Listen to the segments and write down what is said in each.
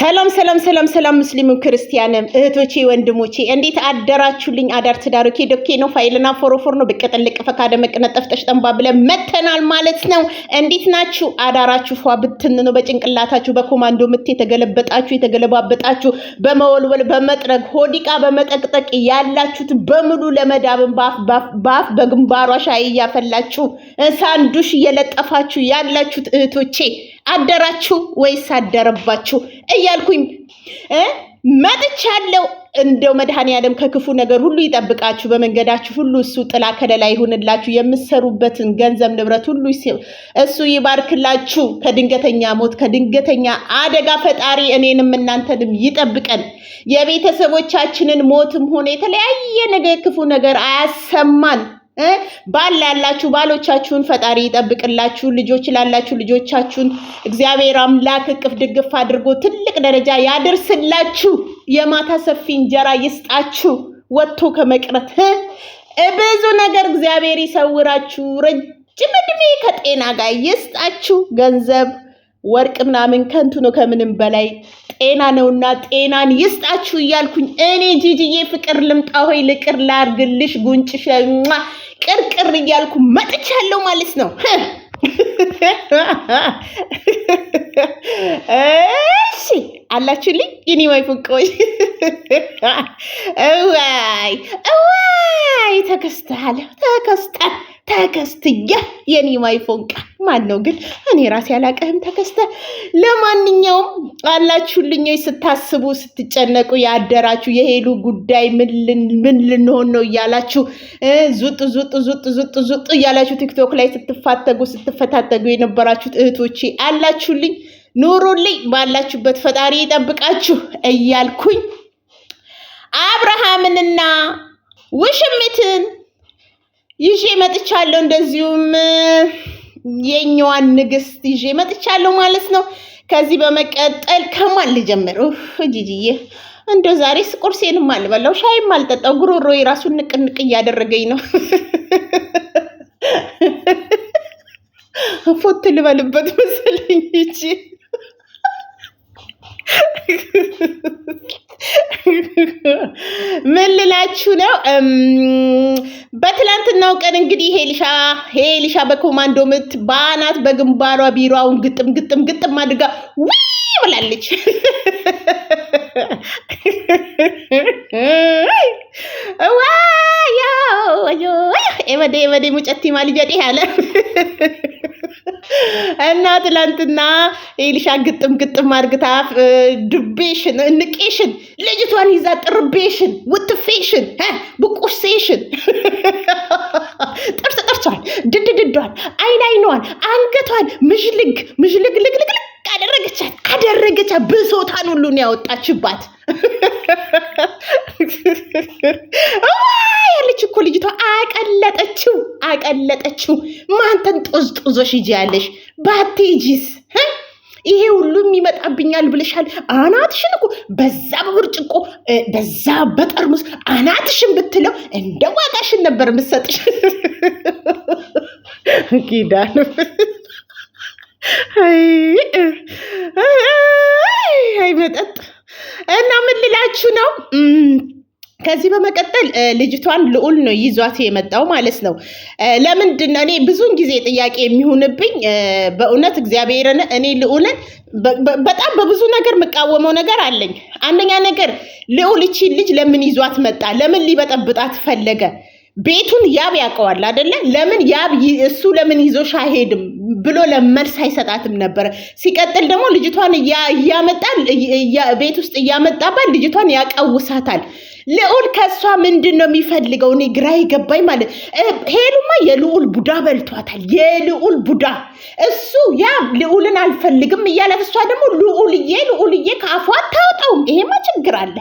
ሰላም ሰላም ሰላም ሰላም ሙስሊሙ ክርስቲያንም እህቶቼ ወንድሞቼ እንዴት አደራችሁልኝ? አዳር ትዳሮኬ ዶኬ ነው ፋይልና ፎሮፎር ነው ብቀጠልቅ ፈካደ መቀነጠፍ ጠሽጠንባ ብለን መተናል ማለት ነው። እንዴት ናችሁ? አዳራችሁ ፏ ብትን ነው በጭንቅላታችሁ በኮማንዶ ምት የተገለበጣችሁ የተገለባበጣችሁ በመወልወል በመጥረግ ሆዲቃ በመጠቅጠቅ ያላችሁት በሙሉ ለመዳብን ባፍ በግንባሯ ሻይ እያፈላችሁ ሳንዱሽ እየለጠፋችሁ ያላችሁት እህቶቼ አደራችሁ ወይስ አደረባችሁ እያልኩኝ መጥቻለሁ። እንደው መድኃኔዓለም ከክፉ ነገር ሁሉ ይጠብቃችሁ፣ በመንገዳችሁ ሁሉ እሱ ጥላ ከለላ ይሁንላችሁ፣ የምትሰሩበትን ገንዘብ ንብረት ሁሉ እሱ ይባርክላችሁ። ከድንገተኛ ሞት ከድንገተኛ አደጋ ፈጣሪ እኔንም እናንተንም ይጠብቀን። የቤተሰቦቻችንን ሞትም ሆነ የተለያየ ነገር ክፉ ነገር አያሰማን። ባል ላላችሁ ባሎቻችሁን ፈጣሪ ይጠብቅላችሁ። ልጆች ላላችሁ ልጆቻችሁን እግዚአብሔር አምላክ እቅፍ ድግፍ አድርጎ ትልቅ ደረጃ ያደርስላችሁ። የማታ ሰፊ እንጀራ ይስጣችሁ። ወጥቶ ከመቅረት ብዙ ነገር እግዚአብሔር ይሰውራችሁ። ረጅም እድሜ ከጤና ጋር ይስጣችሁ። ገንዘብ ወርቅ ምናምን ከንቱ ነው ከምንም በላይ ጤና ነውና ጤናን ይስጣችሁ እያልኩኝ እኔ ጂጂዬ ፍቅር ልምጣ ሆይ ልቅር ላርግልሽ ጉንጭሽ ቅርቅር እያልኩ መጥቻለሁ ማለት ነው። እሺ አላችሁልኝ ይኒ ዋይ ፍቆይ እዋይ እዋይ ተከስተሃል ተከስተ ተከስትየ የኔ ማይፎንቃ ማን ነው ግን? እኔ ራሴ ያላቀህም ተከስተ። ለማንኛውም አላችሁልኝ ስታስቡ ስትጨነቁ ያደራችሁ የሄሉ ጉዳይ ምን ልንሆን ነው እያላችሁ ዙጥ ዙጥ ዙጥ ዙጥ ዙጥ እያላችሁ ቲክቶክ ላይ ስትፋተጉ ስትፈታተጉ የነበራችሁ እህቶቼ አላችሁልኝ፣ ኑሩልኝ፣ ባላችሁበት ፈጣሪ ይጠብቃችሁ እያልኩኝ አብርሃምንና ውሽሚትን ይዤ መጥቻለሁ። እንደዚሁም የኛዋን ንግስት ይዤ መጥቻለሁ ማለት ነው። ከዚህ በመቀጠል ከማን ልጀምር? ጂጂዬ እንደው ዛሬስ ቁርሴንም አልበላው ሻይም አልጠጣው፣ ጉሮሮ የራሱን ንቅንቅ እያደረገኝ ነው። ፎት ልበልበት መሰለኝ ይቺ ምን ልላችሁ ነው? በትላንትናው ቀን እንግዲህ ሄሊሻ ሄሊሻ በኮማንዶ ምት በአናት በግንባሯ ቢሯውን ግጥም ግጥም ግጥም አድርጋ ውይ ብላለች። ዋይ ኤመዴ ኤመዴ ሙጨቲ ማልጀጤ ያለ እና ትላንትና ኤሊሻ ግጥም ግጥም አርግታ ድቤሽን እንቄሽን ልጅቷን ይዛ ጥርቤሽን ውትፌሽን ብቁሴሽን ጥርስ ጥርሷን ድድ አይን አይኗን አንገቷን ምሽልግ ምሽልግ ልግልግልግ አደረገቻት አደረገቻት። ብሶታን ሁሉ ነው ያወጣችባት። ያለች እኮ ልጅቷ አቀለጠችው፣ አቀለጠችው። ማንተን ጦዝ ጦዞሽ ይጂ ያለሽ ባቴጂስ ይሄ ሁሉም ይመጣብኛል ብለሻል። አናትሽን እኮ በዛ በብርጭቆ በዛ በጠርሙስ አናትሽን ብትለው እንደ ዋጋሽን ነበር የምትሰጥሽ ኪዳን አይ መጠጥ እና ምን ልላችሁ ነው። ከዚህ በመቀጠል ልጅቷን ልዑል ነው ይዟት የመጣው ማለት ነው። ለምንድን ነው እኔ ብዙን ጊዜ ጥያቄ የሚሆንብኝ በእውነት እግዚአብሔርን እኔ ልዑልን በጣም በብዙ ነገር የምቃወመው ነገር አለኝ። አንደኛ ነገር ልዑል እቺ ልጅ ለምን ይዟት መጣ? ለምን ሊበጠብጣት ፈለገ? ቤቱን ያብ ያውቀዋል አይደለ? ለምን ያብ እሱ ለምን ይዞሽ አይሄድም? ብሎ ለመልስ አይሰጣትም ነበረ። ሲቀጥል ደግሞ ልጅቷን እያመጣ ቤት ውስጥ እያመጣባት ልጅቷን ያቀውሳታል። ልዑል ከእሷ ምንድን ነው የሚፈልገው? እኔ ግራ የገባኝ ማለት ሄሉማ የልዑል ቡዳ በልቷታል። የልዑል ቡዳ እሱ ያ ልዑልን አልፈልግም እያላት እሷ ደግሞ ልዑልዬ ልዑልዬ ከአፏ አታወጣውም። ይሄማ ችግር አለ።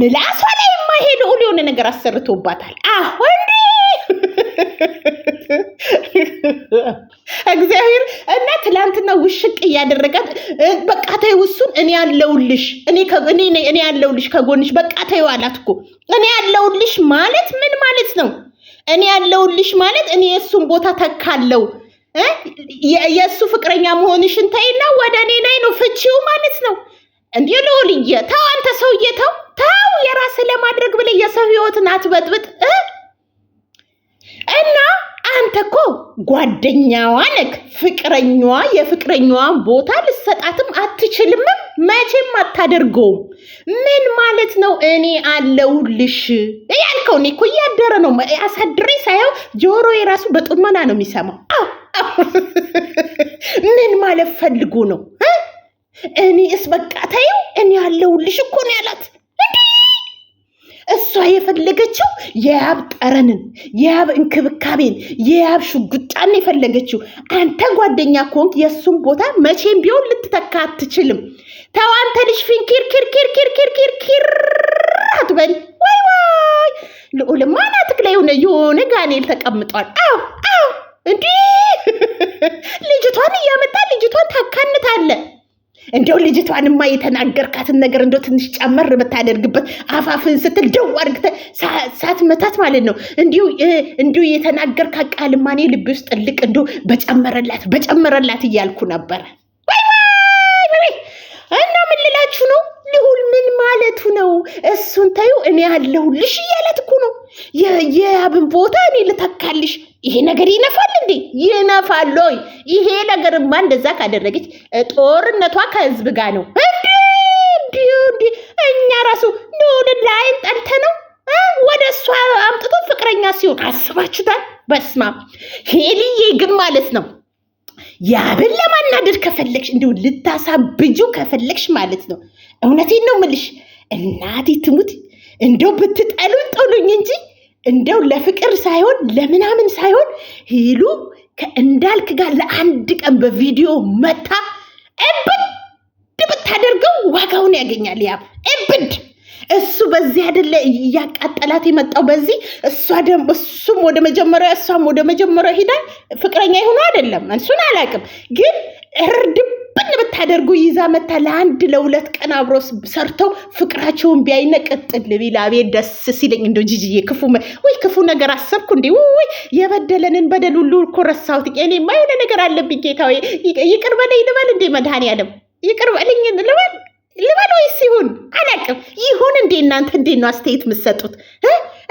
ምላሷ ላይማ ይሄ ልዑል የሆነ ነገር አሰርቶባታል። አሁን ከእግዚአብሔር እና ትላንትና ውሽቅ እያደረጋት በቃ ተይው እሱን እኔ ያለውልሽ እኔ ያለውልሽ ከጎንሽ በቃ ተይው አላት እኮ እኔ ያለውልሽ ማለት ምን ማለት ነው? እኔ ያለውልሽ ማለት እኔ የእሱን ቦታ ተካለው የእሱ ፍቅረኛ መሆንሽን ተይና ወደ እኔ ላይ ነው ፍቺው ማለት ነው። እንዲህ ልውልየ ተው፣ አንተ ሰውዬ ተው ተው፣ የራስህ ለማድረግ ብለህ የሰው ህይወትን አትበጥብጥ። እኮ ጓደኛዋ ነክ ፍቅረኛዋ የፍቅረኛዋ ቦታ ልሰጣትም አትችልም መቼም አታደርገውም። ምን ማለት ነው? እኔ አለሁልሽ ያልከው እኔ እኮ እያደረ ነው። አሳድሬ ሳየው ጆሮ የራሱ በጡመና ነው የሚሰማው። ምን ማለት ፈልጎ ነው? እኔ እስ በቃ ተይው፣ እኔ አለሁልሽ እኮ ነው ያላት። የፈለገችው የያብ ጠረንን፣ የያብ እንክብካቤን፣ የያብ ሽጉጫን የፈለገችው። አንተ ጓደኛ ከሆንክ የእሱን ቦታ መቼም ቢሆን ልትተካ አትችልም። ተው አንተ ልጅ ፊንኪር አትበል። ወይ ወይ ልዑልማ ናትክ ላይ የሆነ የሆነ ጋኔል ተቀምጧል። አው አው እንዲህ ልጅቷን እያመጣ ልጅቷን ታካንታለ እንዲያው ልጅቷንማ የተናገርካትን ነገር እንደው ትንሽ ጨመር ብታደርግበት አፋፍን ስትል ደው አድርግተህ ሳትመታት ማለት ነው። እንዲሁ እንዲሁ የተናገርካት ቃልማ እኔ ውስጥ ጥልቅ እንዲሁ በጨመረላት በጨመረላት እያልኩ ነበረ። እና ምን ልላችሁ ነው? ልዑል ምን ማለቱ ነው? እሱን ተይው እኔ ያለሁልሽ እያላት እኮ ነው የአብን ቦታ እኔ ልተካልሽ። ይሄ ነገር ይነፋል እንዴ? ይነፋል ወይ? ይሄ ነገርማ እንደዛ ካደረገች ጦርነቷ ከህዝብ ጋር ነው። እኛ ራሱ ልዑልን ላይን ጠልተ ነው ወደ እሷ አምጥቶ ፍቅረኛ ሲሆን አስባችሁታል? በስማ ሄልዬ ግን ማለት ነው የአብን ለማናደድ ከፈለግሽ እንዲሁ ልታሳብጁ ከፈለግሽ ማለት ነው እውነቴን ነው ምልሽ እናቴ ትሙት እንደው ብትጠሉኝ ጥሉኝ እንጂ እንደው ለፍቅር ሳይሆን ለምናምን ሳይሆን ሂሉ ከእንዳልክ ጋር ለአንድ ቀን በቪዲዮ መታ እብድ ብታደርገው ዋጋውን ያገኛል። ያ እብድ እሱ በዚህ አይደለ እያቃጠላት የመጣው በዚህ እሷ እሱም ወደ መጀመሪያ እሷም ወደ መጀመሪያ ሂዳ ፍቅረኛ የሆኑ አይደለም እሱን አላውቅም፣ ግን እርድም ተደርጎ ይዛ መታ ለአንድ ለሁለት ቀን አብሮ ሰርተው ፍቅራቸውን ቢያይነ ቅጥል ቢል ቤት ደስ ሲለኝ እንደ ጂጂዬ ክፉ ወይ ክፉ ነገር አሰብኩ እንዴ? ወይ የበደለንን በደል ሁሉ እኮ ረሳሁት። እኔማ የሆነ ነገር አለብኝ ጌታ ይቅር በለኝ ልበል እንዴ? መድኃኒዓለም ይቅር በለኝ ልበል ልበል ወይ ሲሆን አላቅም። ይሁን እንዴ እናንተ እንዴት ነው አስተያየት የምትሰጡት?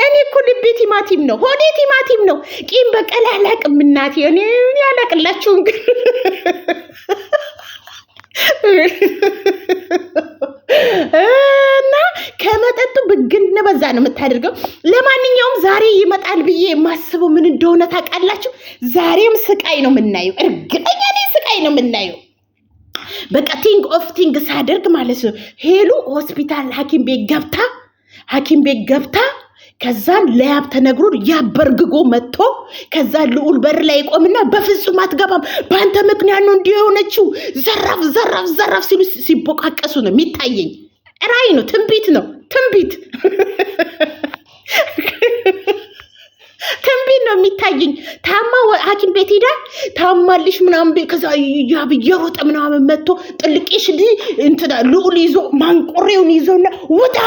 እኔ እኮ ልቤ ቲማቲም ነው፣ ሆዴ ቲማቲም ነው። ቂም በቀል አላቅም እናቴ። እኔ አላቅላችሁም እና ከመጠጡ ብግን በዛ ነው የምታደርገው። ለማንኛውም ዛሬ ይመጣል ብዬ የማስበው ምን እንደሆነ ታውቃላችሁ? ዛሬም ስቃይ ነው የምናየው። እርግጠኛ ነኝ ስቃይ ነው የምናየው። በቃ ቲንግ ኦፍ ቲንግ ሳደርግ ማለት ነው ሄሉ ሆስፒታል ሐኪም ቤት ገብታ ሐኪም ቤት ገብታ ከዛን ለያብ ተነግሮን ያበርግጎ መጥቶ ከዛ ልዑል በር ላይ ይቆምና በፍጹም አትገባም፣ በአንተ ምክንያት ነው እንዲህ የሆነችው፣ ዘራፍ ዘራፍ ዘራፍ ሲሉ ሲቦቃቀሱ ነው የሚታየኝ። ራይ ነው፣ ትንቢት ነው፣ ትንቢት ትንቢት ነው የሚታየኝ። ታማ ሐኪም ቤት ሄዳ ታማልሽ ምናምን ከዛ ያብየሮጠ ምናምን መጥቶ ጥልቄሽ እንትና ልዑል ይዞ ማንቆሬውን ይዞና ውጣ፣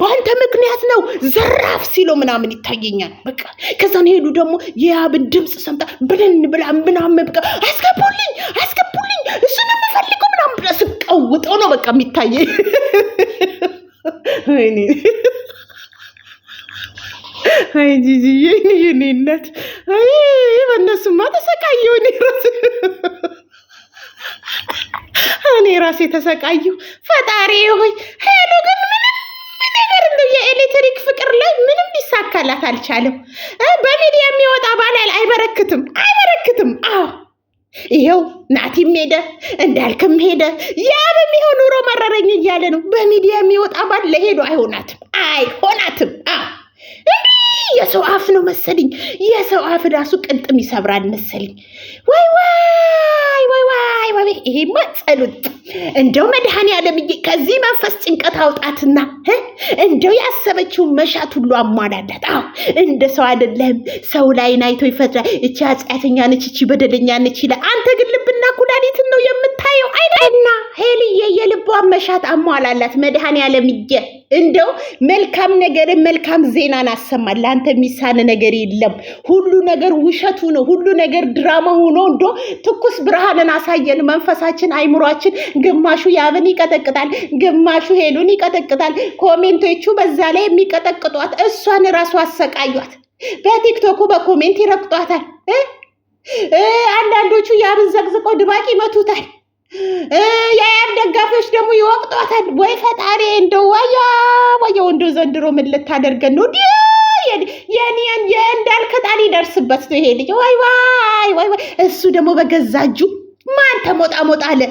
በአንተ ምክንያት ነው ዘራፍ ሲሎ ምናምን ይታየኛል። በቃ ከዛን ሄዱ ደግሞ የያብን ድምፅ ሰምታ ብለን ብላ ምናምን በቃ አስገቡልኝ፣ አስገቡልኝ እሱ ነው የምፈልገው ምናምን ብላ ስቀውጠው ነው በቃ የሚታየኝ። አይ ጂጂ የኔ እናት፣ አይ በእነሱማ ተሰቃየሁ እኔ ራሴ እኔ ራሴ ተሰቃየሁ። ፈጣሪ ሆይ ሄሎ ግን ምንም ነገር እንደው የኤሌክትሪክ ፍቅር ላይ ምንም ሊሳካላት አልቻለም። በሚዲያ የሚወጣ ባላል አይበረክትም፣ አይበረክትም። አዎ ይኸው ናቲም ሄደ እንዳልክም ሄደ። ያ በሚሆን ኑሮ መረረኝ እያለ ነው። በሚዲያ የሚወጣ ባል ለሄዶ አይሆናትም፣ አይሆናትም የሰው አፍ ነው መሰልኝ። የሰው አፍ ራሱ ቅንጥም ይሰብራል መሰልኝ። ወይ ወይ ወይ ወይ ወይ! ይሄማ ጸሎት እንደው መድኃኔዓለም ከዚህ መንፈስ ጭንቀት አውጣትና እንደው ያሰበችውን መሻት ሁሉ አሟላላት። አዎ እንደ ሰው አይደለም። ሰው ላይን አይቶ ይፈጥራል። እቺ ኃጢአተኛ ነች፣ እቺ በደለኛ ነች ይላል። አንተ ግን ልብና ኩላሊትን ነው የምታየው አይደልና ሄልዬ፣ የልቧን መሻት አሟላላት መድኃኔዓለም። እንደው መልካም ነገርን መልካም ዜናን አሰማል። ለአንተ የሚሳን ነገር የለም። ሁሉ ነገር ውሸቱ ነው። ሁሉ ነገር ድራማ ሆኖ እንዶ ትኩስ ብርሃንን አሳየን። መንፈሳችን፣ አይምሯችን ግማሹ ያብን ይቀጠቅጣል፣ ግማሹ ሄሉን ይቀጠቅጣል። ኮሜንቶቹ በዛ ላይ የሚቀጠቅጧት እሷን ራሱ አሰቃዩት። በቲክቶኩ በኮሜንት ይረግጧታል። አንዳንዶቹ ያብን ዘቅዝቀው ድባቅ ይመቱታል። የአያም ደጋፊዎች ደግሞ ይወቅጧታል። ወይ ፈጣሪ እንደው ዋያ ዋያው እንደው ዘንድሮ ምን ልታደርገን ነው? የኔን የእንዳልክ ጣል ይደርስበት ነው ይሄ ልጅ። ወይ ዋይ ወይ ወይ እሱ ደግሞ በገዛ እጁ ማን ተሞጣ ሞጣ አለ።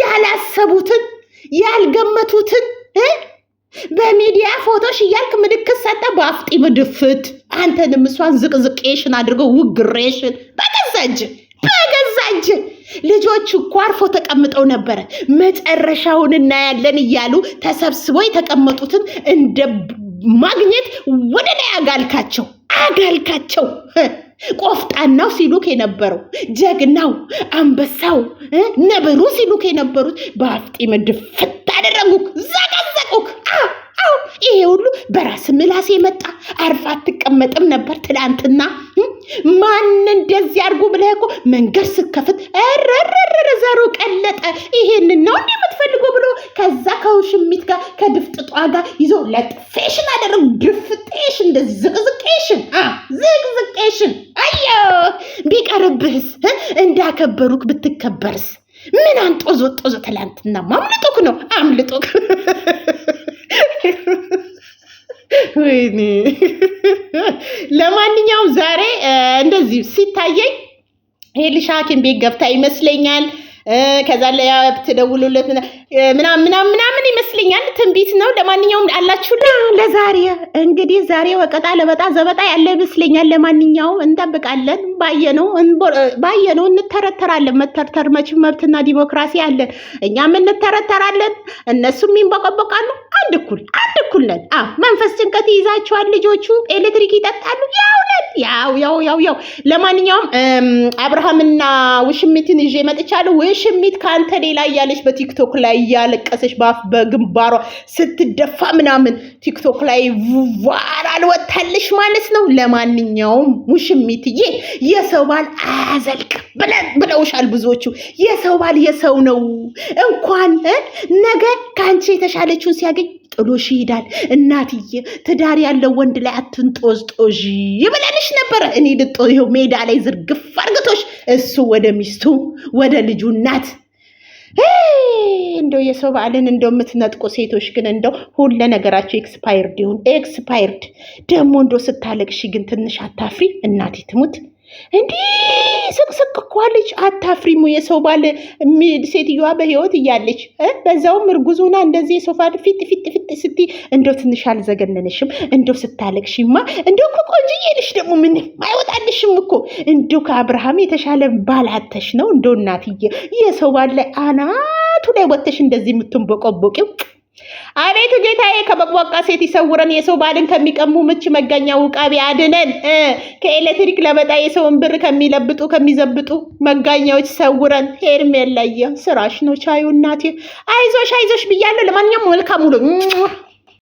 ያላሰቡትን ያልገመቱትን በሚዲያ ፎቶሽ እያልክ ምልክት ሰጠ። በአፍጢ ምድፍት አንተንም እሷን ዝቅዝቄሽን አድርገው ውግሬሽን በገዛ እጅ አንቺ ልጆቹ እኮ አርፎ ተቀምጠው ነበረ። መጨረሻውን እናያለን እያሉ ተሰብስበው የተቀመጡትን እንደ ማግኘት ወደ ላይ አጋልካቸው አጋልካቸው። ቆፍጣናው ሲሉክ የነበረው ጀግናው፣ አንበሳው፣ ነብሩ ሲሉክ የነበሩት በአፍጢም ድፍት አደረጉክ፣ ዘቀዘቁክ። ይሄ ሁሉ በራስ ምላስ የመጣ አርፋ አትቀመጥም ነበር ትላንትና። ማን እንደዚህ አድርጎ ብለህ እኮ መንገድ ስከፍት ረረረረ ዘሩ ቀለጠ። ይሄንን ነው እንዲህ የምትፈልገው ብሎ ከዛ ከውሽሚት ጋር ከድፍጥጧ ጋር ይዞ ለጥፌሽን አደረጉ። ድፍጤሽን እንደዚህ ዝቅዝቄሽን ዝቅዝቄሽን አዮ ቢቀርብህስ እንዳከበሩክ ብትከበርስ ምን አንጦዞ ጦዞ ትላንትና አምልጦክ ነው አምልጦክ ወይኔ ለማንኛውም ዛሬ እንደዚህ ሲታየኝ ሄልሻ ሐኪም ቤት ገብታ ይመስለኛል። ከዛ ላይ ትደውሉለት ምናምን ምናምን ምናምን ይመስለኛል። ትንቢት ነው። ለማንኛውም አላችሁ ለዛሬ እንግዲህ ዛሬ ወቀጣ ለበጣ ዘበጣ ያለ ይመስለኛል። ለማንኛውም እንጠብቃለን። ባየነው ባየነው እንተረተራለን። መተርተር መቼም መብትና ዲሞክራሲ አለ። እኛም እንተረተራለን፣ እነሱም ይንበቀበቃሉ። አንድ እኩል አንድ እኩል ነን። መንፈስ ጭንቀት ይይዛቸዋል ልጆቹ፣ ኤሌክትሪክ ይጠጣሉ። ያው ያው ያው ያው ያው። ለማንኛውም አብርሃምና ውሽሚትን ይዤ መጥቻለሁ። ውሽሚት ከአንተ ሌላ እያለች በቲክቶክ ላይ እያለቀሰች በአፍ በግንባሯ ስትደፋ ምናምን ቲክቶክ ላይ ቫይራል ወታለሽ ማለት ነው። ለማንኛውም ሙሽሚትዬ የሰው ባል አያዘልቅም ብለውሻል ብዙዎቹ። የሰው ባል የሰው ነው። እንኳን ነገ ከአንቺ የተሻለችውን ሲያገኝ ጥሎሽ ይሄዳል። እናትዬ ትዳር ያለው ወንድ ላይ አትንጦዝ ጦዥ ይብለንሽ ነበረ። እኔ ልጦ ይኸው ሜዳ ላይ ዝርግፍ አርግቶሽ እሱ ወደ ሚስቱ ወደ ልጁ እናት እንደው የሰው በዓልን እንደው የምትነጥቁ ሴቶች ግን እንደው ሁለ ነገራቸው ኤክስፓየርድ ይሁን ኤክስፓየርድ ደግሞ እንደው ስታለቅሺ ግን ትንሽ አታፍሪ እናቴ ትሙት እንዲህ ስቅስቅ እኳለች። አታፍሪሙ የሰው ባል ሴትዮዋ በህይወት እያለች በዛውም እርጉዙና እንደዚህ ሶፋ ፊት ፊት ፊት ስቲ እንደው ትንሽ አልዘገነነሽም? እንደው ስታለቅሽማ እንደው እኮ ቆንጅዬ ደግሞ ምንም አይወጣልሽም እኮ እንደው ከአብርሃም የተሻለ ባላተሽ ነው እንደው እናትዬ፣ የሰው ባል ላይ አናቱ ላይ ወተሽ እንደዚህ የምትንበቆቦቂው አቤቱ ጌታዬ ከመቧቃ ሴት ይሰውረን፣ የሰው ባልን ከሚቀሙ ምች መጋኛ ውቃቢ አድነን፣ ከኤሌክትሪክ ለመጣ የሰውን ብር ከሚለብጡ ከሚዘብጡ መጋኛዎች ሰውረን። ሄርም የለየ ስራሽ ነው ቻዩ እናቴ። አይዞሽ አይዞሽ ብያለሁ። ለማንኛውም መልካም ውሎ